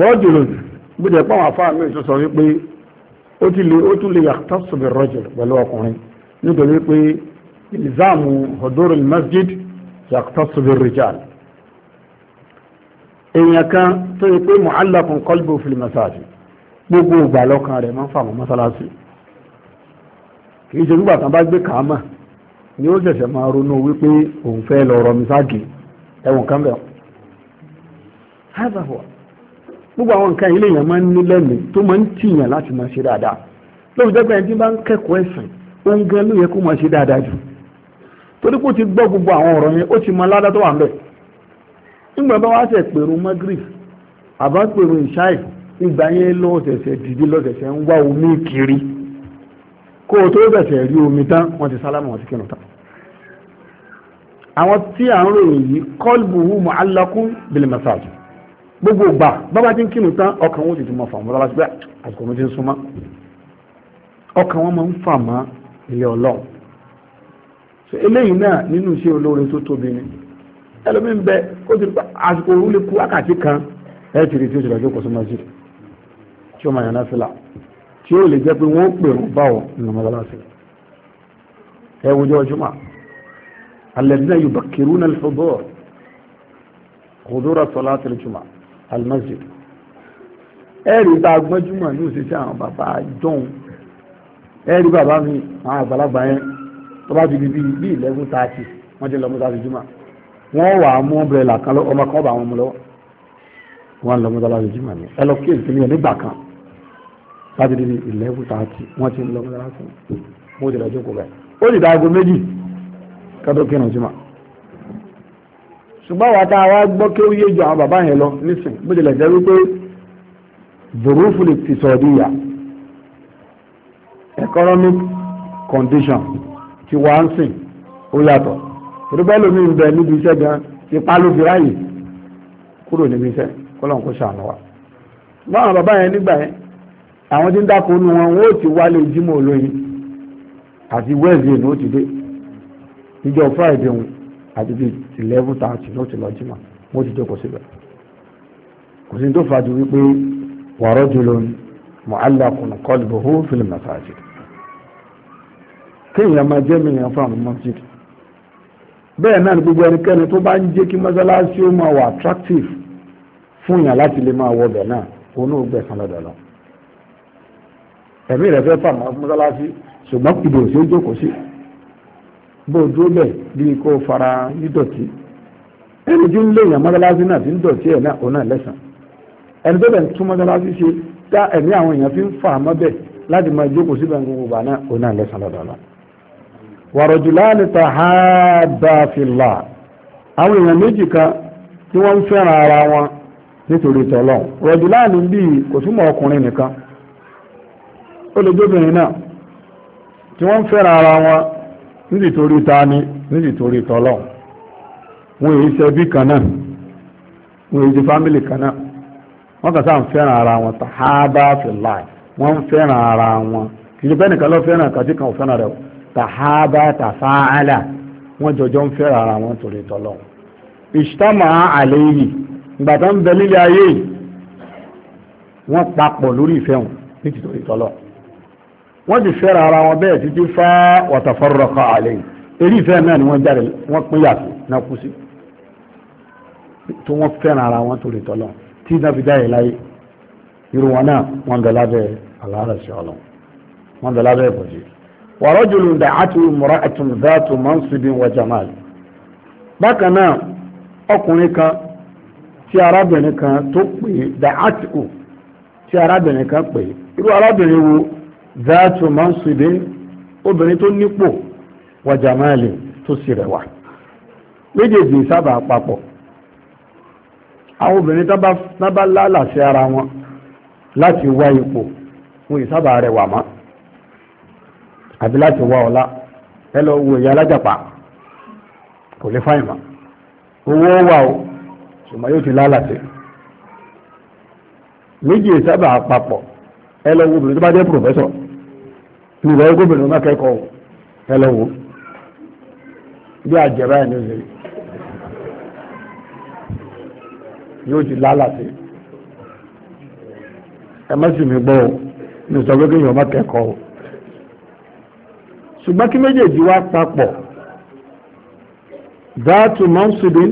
rọ́jù ló gbọ́dọ̀ pọ̀ àwọn afáà mi tó sọ wípé ó tún lè yàtọ̀ sóbì rọ́jù pẹ̀lú ọkùnrin nítorí pé ìlzáàmù ọ̀dọ́rọ̀ masjid yàtọ̀ sóbì rìjàl èèyàn kan tó yẹ pé mu'allakun qalbu fil masaji gbogbo ìgbà lọ́kàn rẹ̀ máa ń fa àwọn mọ́sálásí kì í ṣe nígbà tán bá gbé kàámà ni ó ṣẹ̀ṣẹ̀ máa ronú wípé òun fẹ́ lọ rọmi ságì ẹ̀wọ̀n kan gbogbo àwọn nǹkan ilé èèyàn máa ń ní lẹ́nu tó máa ń tìyàn láti máa ṣe dáadáa lóòótọ́ jẹ́pẹ́ ẹni tí bá ń kẹ́kọ̀ọ́ ẹ̀sìn òun gan ló yẹ kó máa ti gbọ́ gbogbo àwọn ọ̀rọ̀ yẹn ó ti tó wà ń bẹ̀ nígbà bá pèrò àbá pèrò ìṣáì ìgbà yẹn dìde kó o tó bẹ̀sẹ̀ rí omi tán wọ́n ti sálámù wọ́n ti kírun tán àwọn tí à ń ròyìn yìí qalbuhu mu'allaqun bil masajid gbogbo gbà bábá ti ń kírun tán ọkàn wọn ti tún mọ fàmù lọ́la síbẹ̀ àsìkò wọn ti ń súnmọ́ ọkàn wọn máa ń fà mọ́ ilé ọlọ́run so eléyìí náà nínú iṣẹ́ olóore tó tóbi ni ẹlòmíín bẹ kó ti àsìkò òru lè ku wákàtí kan ẹ ti ó ti lọ kòsó tí ó lè jẹ́ pé wọ́n pè wọ́n bá wọn nínú mọ́sálásí ẹ wùjọ jùmọ̀ alẹ́dínà yóò bá kiri ní alfọ́dọ́ kòdóra sọlá tẹ̀lé jùmọ̀ almasjid ẹ̀rí bá gbọ́júmọ̀ ní òṣìṣẹ́ àwọn bàbá jọ̀hún ẹ̀rí bàbá mi àwọn àgbàlagbà yẹn tó ti di bíi eleven thirty wọ́n ti lọ mọ́sálásí jùmọ̀ wọ́n wà á mú ọmọ kan bá wọn mú lọ́wọ́ wọ́n lọ mọ́sálásí jùmọ̀ ni ẹ lọ kí èsì láti di eleven thirty wọ́n ti ń lọ mọ́tàlá sí mo ti lọ́jọ́ kó bẹ́ẹ̀ ó sì dáago méjì kátó kírun sí ma ṣùgbọ́n wa tá a wá gbọ́ kí ó yé ju àwọn bàbá yẹn lọ nísìn bó tilẹ̀ jẹ́ wípé burúkú lè ti sọ ọdún ìyá economic condition ti wá ń sìn ó yàtọ̀ ìdúpẹ́ lómi ń bẹ níbi iṣẹ́ gan ipá ló fi ráàyè kúrò níbi iṣẹ́ kọ́lọ́n kó ṣàánú wa báwọn bàbá yẹn nígbà yẹn àwọn tí ń dákun nu wọn wọ́n ti wálé jímọ̀ olóyin àti wednesday ní ó ti dé ìjọ friday wọn àti bíi eleven thirty ní ti lọ jímọ̀ ti jókòó síbẹ̀ kò sí tó fàájú wípé wàrọ́ jùlọ ni mu'allaqun qalbuhu fil masajid kéèyàn máa jẹ́ mìíràn fún àwọn masjid bẹ́ẹ̀ náà ni gbogbo ẹnikẹ́ni tó bá ń jẹ́ kí mọ́sálásí ó máa wà attractive fún yàn láti lè máa wọ bẹ̀ náà ẹ̀mí rẹ̀ fẹ́ fàmà mọ́sálásí ṣùgbọ́n ìbò sí ó jókòó sí bó o dúró bí kò fara nídọ̀tí ẹni tí ń léèyàn mọ́sálásí náà ti ń dọ̀tí ẹ̀ náà òun náà lẹ́sàn ẹni tó bẹ̀ tún mọ́sálásí ṣe tá ẹ̀mí àwọn èèyàn fi ń fà á mọ́bẹ̀ láti máa jókòó síbẹ̀ ń gbogbo bà náà ta náà lẹ́sàn lọ́dọọlọ́ warajulani tahabba fillah àwọn èèyàn ara wọn nítorí tọ́lọ́ rọ̀jùláàni o lè jóbìnrin náà tí wọ́n ara wọn nídìí torí ta ni nídìí torí tọ́lọ̀ wọn èyí ṣe ẹbí kan náà wọn èyí ṣe fámìlì kan náà kàn sáà ń fẹ́ràn ara wọn tàhábà fìlà wọ́n ń fẹ́ràn ara wọn kì í bẹ́ẹ̀ nìkan fẹ́ràn kàtí kan ò fẹ́ràn rẹ̀ ara wọn torí tọ́lọ̀ ìṣítàmà àlẹ́ yìí ìgbà ń bẹ lílé ayé papọ̀ lórí wọ́n ti fẹ́ra ara wọn bẹ́ẹ̀ títí fá wàtàfọ́rọ̀kọ àlẹ́ eré ìfẹ́ náà ni wọ́n jáde wọ́n pín yàtọ̀ náà kú sí tó wọ́n fẹ́ra ara wọn fi láyé irun wọn náà wọ́n bẹ lábẹ́ aláàrẹ̀ sí ọlọ́ wọ́n bẹ lábẹ́ ìbòjì. wàrọ̀ jùlọ ń dà àti mọ̀rọ̀ àtùm na máa ń síbi wọ bákan náà ọkùnrin kan tí arábìnrin kan zaatu mansibin obìnrin tó nípò wa jamali tó sì rẹwà méjèèjì sábà papọ̀ àwọn obìnrin tó bá lálàsí ara wọn láti wá ipò wọn ìsábà rẹwà mọ́ àbí láti wá ọlá ẹ lọ wo ìyá alájàpá kò lè fáyìn mọ́ owó wà o ṣùgbọ́n yóò ti lálàsí méjì ìsábà papọ̀ ẹ lọ wo obìnrin tó bá jẹ́ pòfẹ́sọ̀ ìrọ̀ gómìnà náà kẹ́kọ̀ọ́ ẹlẹ́wọ̀ bí àjẹrà ẹ̀ ní òṣèré yóò ti lálàsí ẹ má sì mí gbọ́ ọ ní sọ pé kéèyàn má kẹ́kọ̀ọ́ ṣùgbọ́n kí méjèèjì wá papọ̀ dáàtù máa ń ṣubí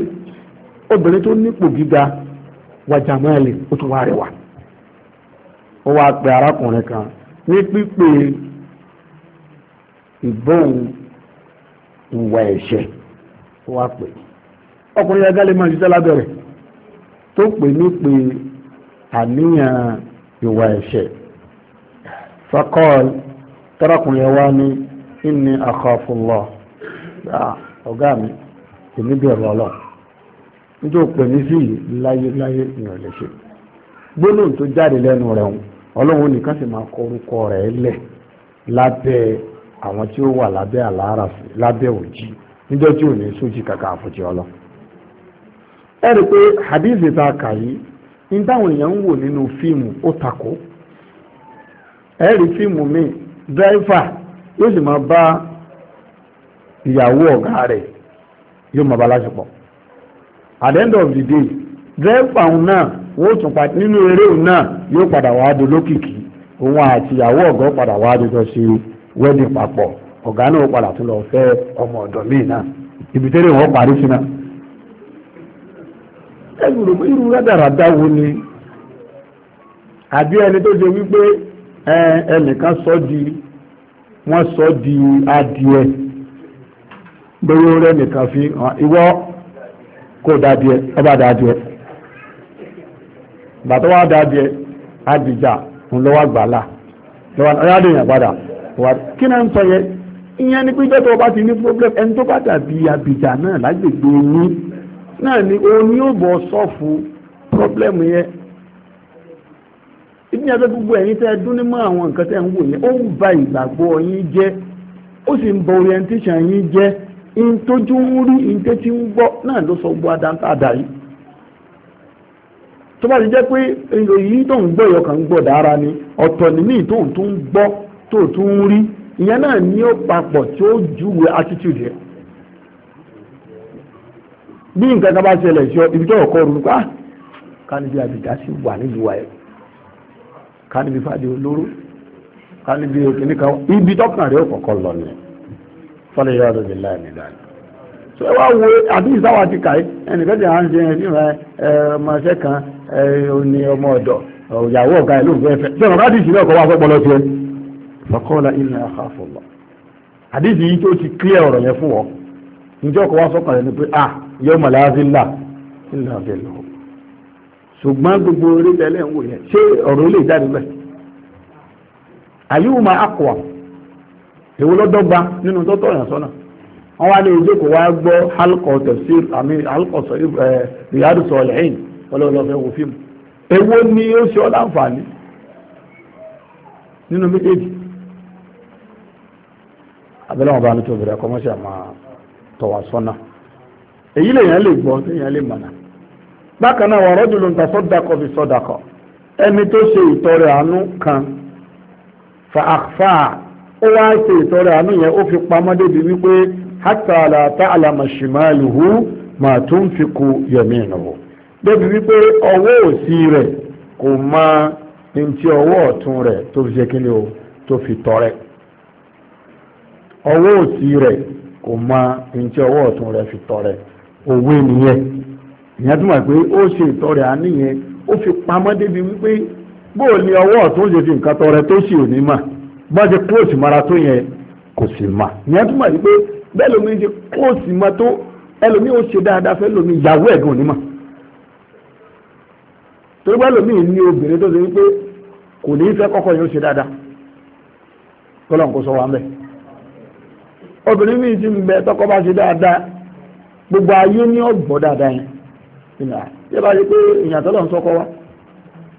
obìnrin tó nípò gíga wàjàmọ́ẹ̀lì ó tún wá rẹwà ó wá pe arákùnrin kan ní pípé ìbóhùn ìwà ẹ̀ṣẹ̀ wá pè ọkùnrin ya lè máa ṣiṣẹ́ lábẹ́rẹ̀ tó pè ní pé àníyàn ìwà ẹ̀ṣẹ̀ fakọ́ọ̀l tọ́rọkùnrin wa ní inni akhafullah ah, ọ̀gá mi èmi bẹ̀rù ọlọ́run nítorí pè ní sí láyéláyé ìyàn lè ṣe gbólóhùn tó jáde lẹ́nu rẹ̀ ọlọ́run nìkan sì máa kọ àwọn tí ó wà lábẹ́ àlàárà lábẹ́ òjì níjọ́ tí ò ní sójì kàkà àfòjì ọlọ. ẹ rí pé hadith ta kà yìí ní táwọn èèyàn ń wò nínú fíìmù ó takò ẹ rí fíìmù míì ma yóò sì máa bá ìyàwó ọ̀gá rẹ̀ yóò máa at the end of the day dírẹ́fà òun náà wọ́n tún padà nínú eré òun náà yóò padà wá dolókìkí òun àti ìyàwó ọ̀gá padà wá wẹ́ẹ̀dì papọ̀ ọ̀gá náà padà tún lọ ọmọ ọ̀dọ̀ míì ibi tẹ́lẹ̀ wọ́n parí sí náà ẹgbùrù irú ni àbí ẹni tó ṣe wípé ẹnìkan sọ di wọ́n sọ di adìẹ bóyá fi hàn ìwọ ọba dàdìẹ bàtọ́ ńlọ́wọ́ gbàlà lọ́wọ́ kí náà ń sọ yẹ ìyẹn ni pé jọ́tọ̀ ọba ti ní problem ẹni tó bá dàbí àbìjà náà lágbègbè ní náà ni òun ni bọ̀ sọ́ọ̀fù problem yẹn ibi yẹn gbogbo ẹ̀yin tẹ́ ẹ àwọn nǹkan tẹ́ ń wò ba ìgbàgbọ́ yín jẹ́ ó sì ń bọ orientation yín jẹ́ tójú ń rí ń gbọ́ náà ló sọ gbọ́ adáńtàdá yìí tó bá ti jẹ́ ni ọ̀tọ̀ nínú tó tún ń rí ìyẹn náà ní ó papọ̀ tí ó júwe attitude yẹn bí nǹkan kan bá ṣẹlẹ̀ sí ibi tó ọkọ rú pa ah, kánibí àbìdá sì wà nílùú wa ẹ̀ kánibí fàdé olóró kánibí òkìní kan ibi tọkàn rẹ lọ ni fọlẹ̀ yọ ọdún bíláì nílá ni. sọ wá wo àdúgbò sáwà ti kàí ẹnìkan tí a ń ṣe ẹ fi hàn kan ẹ ní ọmọ ìyàwó ẹ ló ń bá faqala inni akhafu Allah àdéhùn yìí tó ti clear ọ̀rọ̀ yẹn fún ọ njẹ́ ọkọ̀ wá sọ́kàn rẹ̀ ni pé ah yawma la zilla illa zilluhu ṣùgbọ́n gbogbo orí tẹ́lẹ̀ ń wò yẹn ṣé ọ̀rọ̀ ilé ìjáde bẹ́ẹ̀ àyíwò máa akọ̀wà èwo lọ́dọ́gba nínú tọ́tọ̀ ọ̀yàn sọ́nà wọ́n wá ní ojú kò wá gbọ́ halkọ̀ tafsir àmì halkọ̀ riyadu sọ̀lẹ́yìn ọlọ́ọ̀lọ́fẹ́ wò fíìmù èwo ni ó ṣe ọ́ láǹfààní nínú méjèèjì abẹ́lẹ́ bá ní tóbi rẹ kọ́ mọ́ṣẹ́ àmà ma sọ́nà èyí lèyàn lè gbọ́ lèyàn lè mọ̀nà bákan náà wọ́n rọ́jò ló sọ́dàkọ̀ fi sọ́dàkọ̀ ẹni tó ṣe ìtọrẹ àánú kan ó wá ṣe ìtọrẹ àánú yẹn ó fi pamọ́ débi wípé màá fi ku ìnáwó débi wípé ọwọ́ òsì rẹ̀ kò ní ti ọwọ́ ọ̀tún rẹ̀ tó fi o tó fi tọrẹ. ọwọ́ òsì rẹ̀ kò mọ ní ọwọ́ ọ̀tún rẹ̀ fi tọrẹ òwe nìyẹn ìyẹn túmọ̀ pé ó ṣe ìtọrẹ àánú fi pamọ́ wípé bóò ni ọwọ́ ọ̀tún ṣe fi nǹkan tọrẹ tó sì ò ní mà bá ṣe kóòsì mara tó yẹn kò sì mà ìyẹn pé bẹ́ẹ̀ lómi ṣe tó ẹlòmí ó ṣe dáadáa fẹ́ lómi ìyàwó ẹ̀gbọ́n ò ní mà torí bá lómi ní obìnrin tó ṣe wípé kò ní fẹ́ kọ́kọ́ yẹn ó ṣe dáadáa obìnrin mi ti ń bẹ tọkọ bá ṣe dáadáa gbogbo ayé ní ọgbọ dáadáa yẹn yẹ bá rí pé èèyàn tọlọ ń sọkọ wa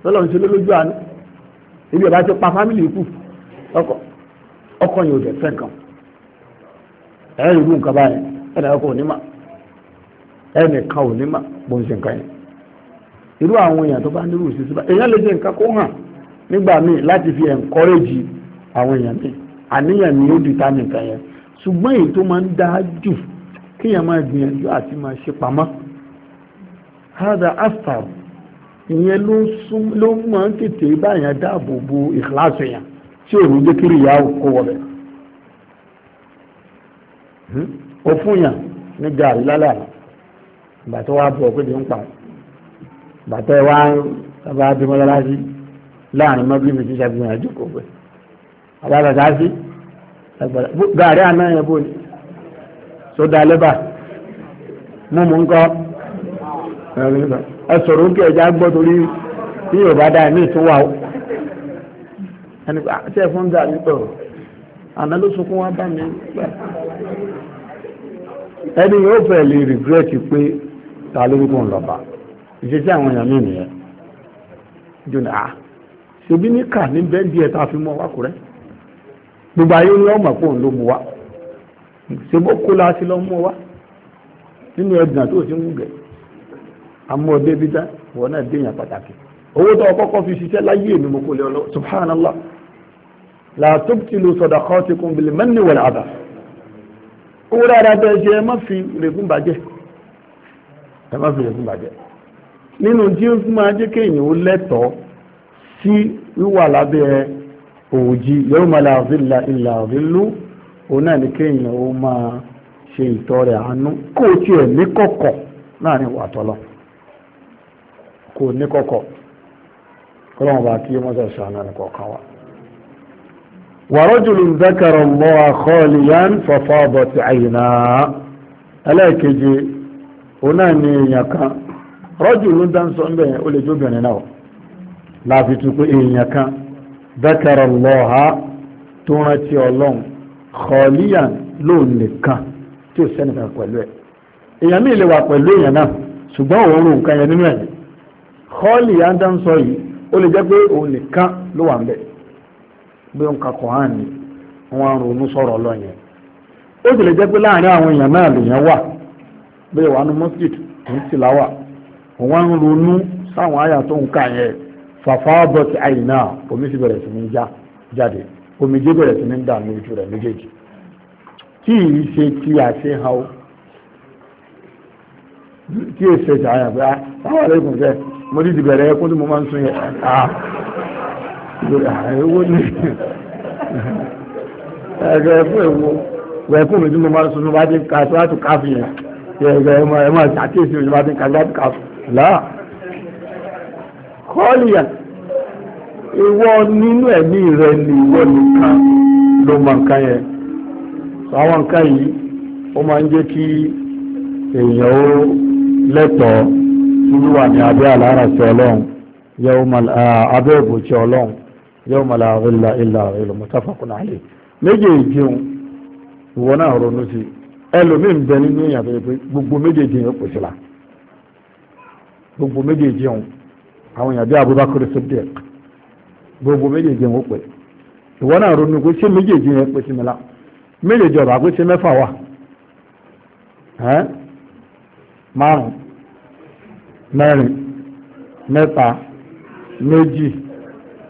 tọ́lọ̀ ń ṣe lójú àná ti pa fámìlì kù ọkọ ọkọ yẹn ò dẹ̀ nǹkan ìlú nǹkan ọkọ ò ní ò ní bó ń ṣe nǹkan yẹn irú àwọn èèyàn tó bá ìṣesí èèyàn lè ṣe nǹkan fi àwọn èèyàn míì àníyàn ni ó di tá nìkan ṣùgbọ́n èyí tó máa ń dáa jù kíyàn máa gbìyànjú àti máa ṣe pamọ́ hada astar ìyẹn ló máa ń tètè báyàn dáàbò bo ìkíláàsì yẹn tí ò ní jẹ́ kí ìyá kó wọlé hmm? ó fún yàn ní gàrí lálẹ́ àná ìgbà tó wá bọ̀ pé kí n pa ọ́ ìgbà tó wá bàbá abimọ́lá láti láàrin mọ́bílì mi ti ṣàfihàn àjòkò pé àbá bàtà sí agbára gàrí àná yẹn bò ní sódà lẹ́bà mímú ńkọ́ ẹ sọ̀rọ̀ òkè ẹja gbọ́ torí bí yóò bá dáa ní ìtúwà ó ẹni pé àti ẹ̀ fún gàrí tọ̀ àná ló sunkún wá bá mi gbà ẹni yóò fẹ́ lè rìgírẹ́tì pé ta ń gùn lọ́ba ìṣesí àwọn èèyàn mi nìyẹn jùlọ à ṣebí ní kà ní bẹ́ẹ̀ díẹ̀ tá a fi mú ọwọ́ àkùrẹ́ gbogbo ayé ni ọmọ fóun ló mu wá ṣe bó kó láti lọ mú wa nínú ẹ̀dùn tó ti ń gẹ̀ amúọdé bídá wọn náà déyàn pàtàkì owó tó kọ́kọ́ fi ṣiṣẹ́ láyé èmi mo kó lé ọlọ́ subhanallah la tubtilu sadaqatikum bil manni wal adha owó dáadáa bẹ́ẹ̀ ṣe ẹ má fi rẹ̀gùn bàjẹ́ ẹ má fi rẹ̀gùn bàjẹ́ nínú tí ó máa jẹ́ kéèyàn ó lẹ́tọ̀ọ́ sí wíwà lábẹ́ òòjì yawma la zilla illa zillu òun náà ní kéèyàn ó máa ṣe ìtọrẹ àánú kó o tiẹ̀ ní kọ̀kọ̀ láàrin ìwà tọ́lọ̀ kò ní kọ̀kọ̀ kọ́lọ́mù bá kí wọ́n sọ ṣàánú ẹni kọ̀ọ̀kan wa. wa rajulun zakara Allaha khaliyan fafadat aynah ẹlẹ́ẹ̀kejì òun náà ní èèyàn kan rọ́jùlù ń dá ń sọ ń bẹ̀yẹn ó lè jóbìnrin náà láàfin tún pé èèyàn kan ذكر الله تونتي الله خاليا لون نكان tí ò sẹ́ni kan pẹ̀lú ẹ̀ èèyàn míì lè wà pẹ̀lú èèyàn náà ṣùgbọ́n òun rò nǹkan yẹn nínú ẹ̀ họ́ọ̀lì yáńdá ń sọ yìí ó lè jẹ́ pé òun nìkan ló wà ń bẹ̀ bí òun ka Kùránì ni wọ́n ronú sọ̀rọ̀ lọ yẹn ó sì lè jẹ́ pé láàrin àwọn èèyàn náà lèèyàn wà bí ìwà nu mosjid òun sì láwà ronú sáwọn àyà tó ń kà yẹn fàfáàbọ̀ ti àyìnà omi sì bẹ̀rẹ̀ sí ní já jáde omijé bẹ̀rẹ̀ sí ní dà ní ojú rẹ̀ méjèèjì tí ì ṣe ti àṣehàn o kí èsì ẹ̀jẹ̀ àyàn pé àwọn àlẹ́kùn fẹ́ mo ti dìbẹ̀rẹ̀ ẹkún tí mo máa ń sún yẹn àìwó ah. ní ẹgbẹ́ ẹkún èwo wẹ̀kún mi tí mo máa ń sún bá ti ka sọ́wọ́ àti káfí yẹn ẹgbẹ́ ẹ máa ṣàkíyèsí mi tí mo bá ti ka sọ́wọ́ àti káfí kọ́ọ̀lìyà ìwọ nínú ẹ̀mí rẹ ni ìwọ nìkan ló mọ nǹkan yẹn àwọn nǹkan yìí ó máa ń jẹ́ kí èèyàn ó lẹ́tọ̀ọ́ nínú wà ní abẹ́ àláràṣẹ ọlọ́run yẹ́wò mal abẹ́ ìbòjì ọlọ́run yẹ́wò mal àwòlà ìlà ìlú mutafakun àlè méjèèjì ìwọ náà ronú sí ẹlòmíín bẹ nínú èèyàn gbogbo méjèèjì yẹn kò la gbogbo méjèèjì ọ̀hún àwọn èèyàn bí Abubakar Siddiq gbogbo méjèèjì ń pè ìwọ náà ronú pé ṣé méjèèjì yẹn pè sí mi lá méjèèjì ọ̀bà pé ṣé mẹ́fà wà márùn mẹ́rin mẹ́ta méjì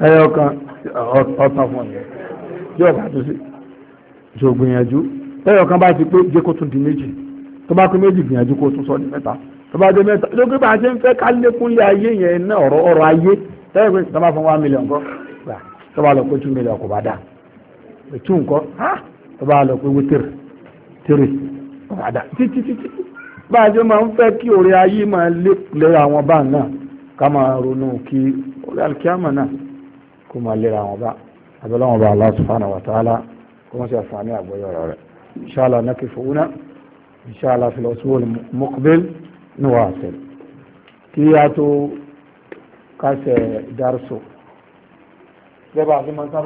ẹyọkan ọ̀tàn fún ọ̀yẹ́ yóò bá tó sí ṣògbìyànjú ẹyọkan bá ti pé jẹ́ kó tún di méjì tó bá pé méjì gbìyànjú kó tún sọ di mẹ́ta tọ́bàjọ́ mẹ́ta lókè bá ṣe ń fẹ́ ká lékún lé ayé yẹn náà ọ̀rọ̀ ọ̀rọ̀ ayé tẹ́lẹ̀ pé tọ́bà fún wa mílíọ̀n kọ́ gbà tọ́bà lọ pé tú mílíọ̀n kò bá dà pé tú nǹkọ́ tọ́bà lọ pé wítìrì tìrì kò bá dà títí títí bá a ṣe máa ń fẹ́ kí orí ayé máa lé àwọn bá náà ká máa ronú kí orí alikiyama náà kó máa lé àwọn bá abẹ́láwọn bá Allah subhanahu wa ta'ala kó wọ́n ṣe àǹfààní àgbọ̀yọ̀ rẹ̀ inshallah nakifu una inshallah fil نواصل كياتو كاسة دارسو